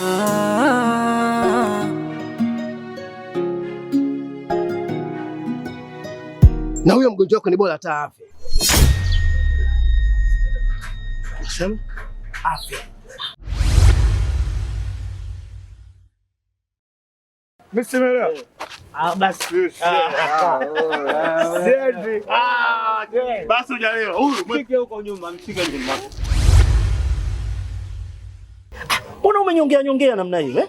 Ah. Na huyo mgonjwa wako ni bora hata afya. Nasema eh. ah, Basi ah, Huyu huko nyuma, mshike umenyongea nyongea namna hiyo eh?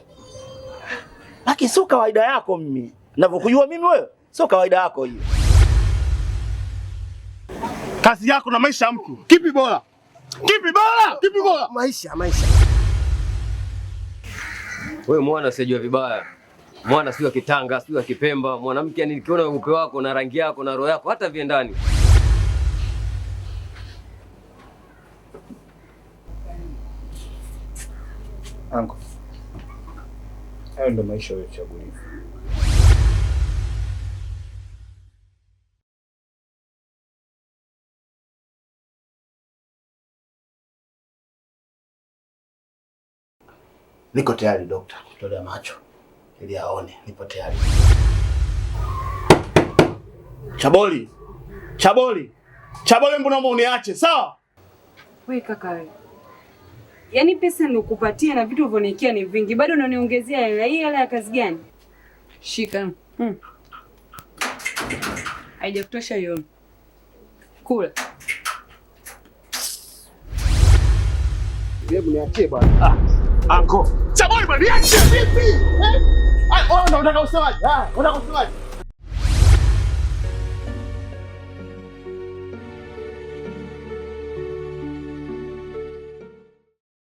Laki sio kawaida yako mimi. Ninavyokujua mimi wewe sio kawaida yako hiyo. Kazi yako na maisha ya mtu. Kipi bora? Kipi bora? Kipi bora? Oh, maisha, maisha. Wewe mwana sijua vibaya. Mwana sio Kitanga, sio Kipemba, mwanamke yani nikiona upe wako na rangi yako na roho yako hata viendani. Anko, hayo ndo maisha uliyochaguliwa. Niko tayari dokta, kutolea macho ili aone. Nipo tayari. Chaboli, Chaboli, Chaboli, mbona uniache? Sawa wewe kaka yaani pesa nikupatia na vitu ulivyoniwekea ni vingi, bado unaniongezea hela hii. Hela ya kazi gani? Shika, Hmm. haijakutosha hmm? hiyo kula Hebu niachie bwana. Ah, anko. Samahani bwana, niachie vipi? Eh? Ah, unataka usemaje? Ah, unataka usemaje?